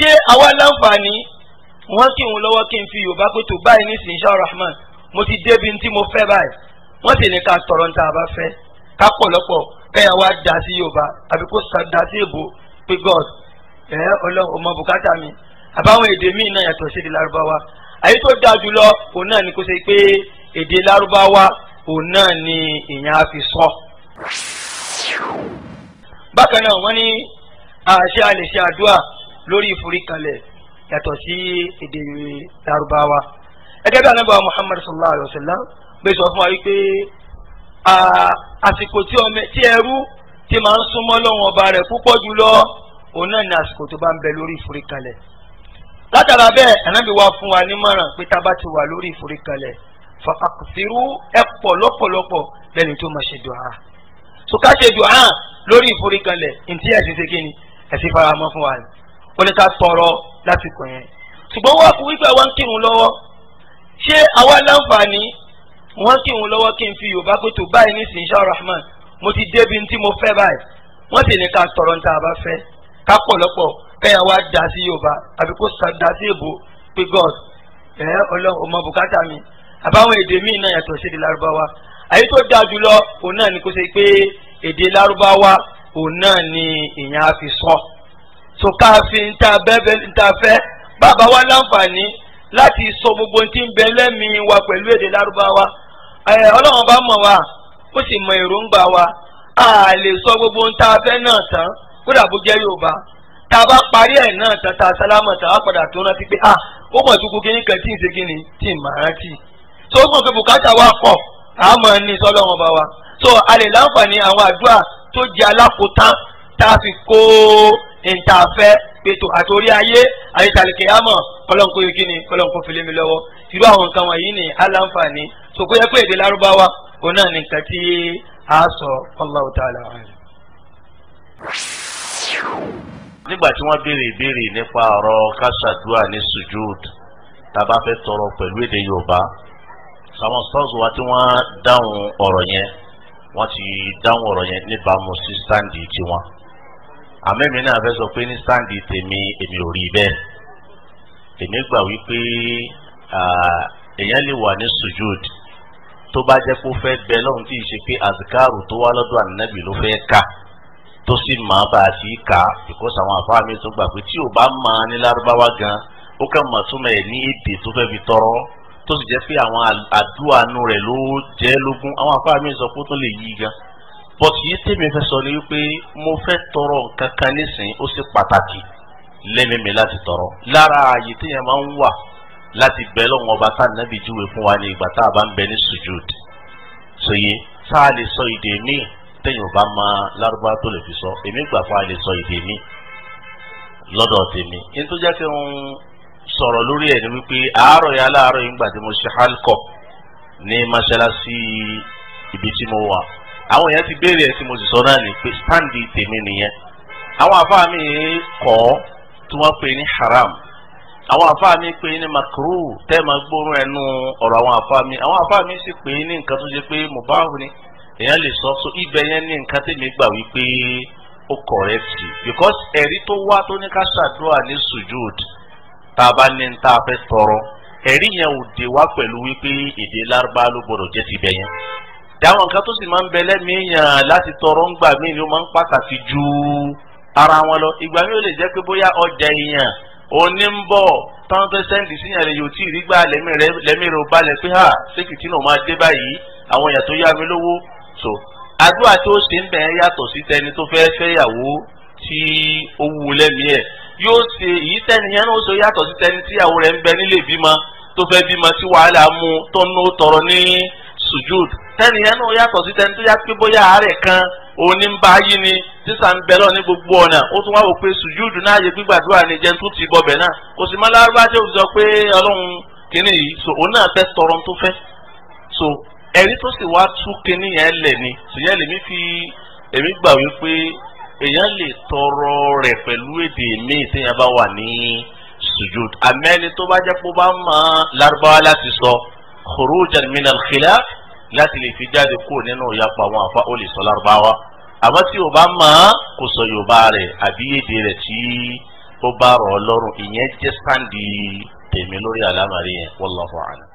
ṣé àwa láǹfààní wọ́n kí òun lọ́wọ́ kí n fi yorùbá pé tó báyìí nísìnyí insha rahman mo ti débi tí mo fẹ́ báyìí wọ́n sì ní ká sọ̀rọ̀ ní tá a bá fẹ́ ká pọ̀lọ́pọ̀ kẹ́yà wá dá sí yorùbá àbí kó dá sí èbó pé god ẹ ọlọ́run ọmọ bùkátà mi àbáwọn èdè míì náà yàtọ̀ sí èdè lárúbáwá àyè tó dáa jùlọ òun náà ni kó ṣe pé èdè lárúbáwá òun náà ni ìyẹn á fi sọ. bákan náà wọ́n ní àṣẹ àlè àdúrà lórí ìforíkalẹ̀ yàtọ̀ sí èdè Lárúbáwá ẹgẹ́ bí anábọ̀ Muhammad sallallahu alayhi wa sallam bẹ́ẹ̀ sọ fún wa wípé àsìkò tí ọmọ tí ẹrú ti máa ń súnmọ́ lọ́wọ́n ọba rẹ̀ púpọ̀ jùlọ òun náà ni àsìkò tó bá ń bẹ lórí ìforíkalẹ̀ látara bẹ́ẹ̀ anábì wa fún wa nímọ̀ràn pé tá a bá ti wà lórí ìforíkalẹ̀ fàkàkùsírú ẹ pọ̀ lọ́pọ̀lọpọ̀ lẹ́ni tó máa ṣe dùá so ká ṣe dùá lórí ìforíkalẹ̀ ntí ẹ̀sìn ṣe kí ni ẹ̀sìn faramọ́ fún wa ó ní ká sọ̀rọ̀ lásìkò yẹn ṣùgbọ́n wọ́n kú wípé wọ́n ń kírun lọ́wọ́ ṣé àwa láǹfààní wọ́n kírun lọ́wọ́ kí n fi yorùbá pé tó báyìí ní sin ṣáà rahman mo ti débi tí mo fẹ́ báyìí wọ́n sì ní ká sọ̀rọ̀ ní tá fẹ́ ká pọ̀lọ́pọ̀ kẹ́yà wá dá sí yorùbá àbí kó dá sí èbó pé god ẹ̀ ọlọ́run ọmọ bùkátà mi àbáwọn èdè míì náà yàtọ̀ sí èdè lárúbáwá àyè tó dáa jùlọ òun so ká fi ń ta bẹ́ẹ̀ ń ta fẹ́ bàbá wa láǹfààní láti sọ gbogbo tí ń bẹ lẹ́mìí wa pẹ̀lú èdè lárúbáwá ọlọ́run bá mọ̀ wá ó sì mọ èròǹgbà wa a lè sọ gbogbo ń ta fẹ́ náà tán kódà bó jẹ́ yorùbá tá bá parí ẹ̀ náà tán tá a sálámọ̀ tá padà tó rántí pé a ó mọ̀ tukú kí ní tí ń ṣe kí ni tí ń máa rántí so ó mọ̀ pé bùkátà wa pọ̀ a máa ní sọ́lọ́run bá wa so a lè láǹfààní àwọn àdúrà tó jẹ́ alákòótán tá a fi kó nta fẹ́ pètò àtòrí ayé àyètàlìkè àmọ́ kọlọ́nkó yìí kíni kọlọ́nkó fìlẹ̀ mi lọ́wọ́ irú àwọn nǹkan wọ̀nyí ni aláǹfààní sòkò yẹ pé èdè lárúbáwá òun náà ní nǹkan tí a sọ Allahu ta'ala. nígbà tí wọ́n béèrè ìbéèrè nípa ọ̀rọ̀ kásádùá ní sujud tàbá fẹ́ tọrọ pẹ̀lú èdè Yorùbá sàwọn sọ́ọ̀sì wa tí wọ́n dáhùn ọ̀rọ̀ yẹn wọ́n ti dáhùn ọ̀rọ̀ yẹn níbàámu sí sáǹdì tiwọn àmẹ́mi náà fẹ́ sọ pé ní sáǹdì tèmi èmi ò rí bẹ́ẹ̀ èmi gbà wípé èèyàn lè wà ní sujud tó bá jẹ́ kó fẹ́ bẹ lọ́hùn tí ì ṣe pé azikaru tó wá lọ́dọ̀ ànábì ló fẹ́ kà tó sì máa bá a ti kà because àwọn àfáà mi tó gbà pé tí ò bá máa ní lárúbáwá gan ó kàn mọ̀ túmọ̀ ẹ̀ ní èdè tó fẹ́ fi tọrọ tó sì jẹ́ pé àwọn àdúrà nu rẹ̀ ló jẹ́ lógún àwọn àfáà mi sọ pé ó tún lè yí gan but yìí tèmi fẹ́ sọ ni wípé mo fẹ́ tọrọ nǹkan kan nísìnyí ó sì pàtàkì lẹ́mìmí láti tọrọ lára ààyè téèyàn máa ń wà láti bẹ lọ́wọ́n ọba tá nàbí júwe fún wa ní ìgbà tá a bá ń bẹ ní sujud sòye tá a lè sọ èdè míì téèyàn ò bá máa lárúbá tó lè fi sọ èmi gbà fún a lè sọ èdè míì lọ́dọ̀ tèmi ní kí n sọ̀rọ̀ lórí ẹ̀ ni wípé àárọ̀ yà láàárọ̀ yìí ń gbà tí mo ṣe hálkọ̀ ní àwọn èèyàn ti béèrè ẹ̀ mo sì sọ náà ní pé sítáǹdì tèmi nìyẹn àwọn àfáà mi kọ́ tí wọ́n pè ní haram àwọn àfáà mi pè ní makru tẹ́ ẹ̀ máa gbóòórùn ẹnu ọ̀rọ̀ àwọn àfáà mi àwọn àfáà mi sì pè ní nǹkan tó ṣe pé mubahu ni èèyàn lè sọ so ibẹ̀ yẹn ní nǹkan tèmi gbà wípé ó because ẹ̀rí tó wá tó ní ká ṣàdúrà ní sujud tá a bá ní tá a fẹ́ tọrọ ẹ̀rí yẹn ò dé dáwọn nǹkan tó sì máa ń bẹ lẹ́mìíyàn láti tọrọ ń gbà mí ni ó máa ń pàtàkì ju ara wọn lọ ìgbà mi ò lè jẹ́ pé bóyá ọjà èèyàn òní ń bọ̀ táwọn fẹ́ sẹ́ǹdì síyàn rẹ̀ yóò tí ì rí gbà lẹ́mí rẹ̀ balẹ̀ pé hà sékìtì náà máa dé báyìí àwọn èèyàn tó yá mi lówó so àdúrà tó ṣe ń bẹ̀ ẹ́ yàtọ̀ sí tẹni tó fẹ́ fẹ́yàwó tí ó wù lẹ́mìí ẹ̀ yóò ṣe èyí tẹni yẹn náà ṣe yàtọ̀ sí tẹni tíyàwó rẹ̀ ń bẹ nílé bímọ tó fẹ́ bímọ tí wàhálà mú tó ń tọrọ ní sujud tẹ́ni yẹn náà yàtọ̀ sí tẹ́ni tó yá pé bóyá àárẹ̀ kan òní ń bá yí ni sísà ń bẹ lọ ní gbogbo ọ̀nà ó tún wá wò pé sujud náà yẹ gbígbàdúrà ní jẹun tó ti bọbẹ̀ náà kò sì máa lárúbá jẹ́ òfin sọ pé ọlọ́run kìíní yìí so òun náà fẹ́ tọrọ tó fẹ́ so ẹ̀rí tó sì wá tú kìíní yẹn lẹ̀ ni sìyẹn lèmi fi èmi gbà wípé èèyàn lè tọrọ rẹ̀ pẹ̀lú èdè míì téèyàn bá wà ní sujud àmẹ́ni tó bá jẹ́ pé ó bá mọ lárúbáwá láti sọ khurujan min al-khilaf láti lè fi jáde kúrò nínú ìyapa àwọn àfa ó lè sọ lárúbáwá àmọ́ tí o bá mọ̀ ọ́ kò sọ yorùbá rẹ̀ àbí èdè rẹ̀ tí ó bá rọ̀ ọ́ lọ́rùn ìyẹn jẹ́ sáǹdì tèmi lórí àlámàrí yẹn wallahu a'lam.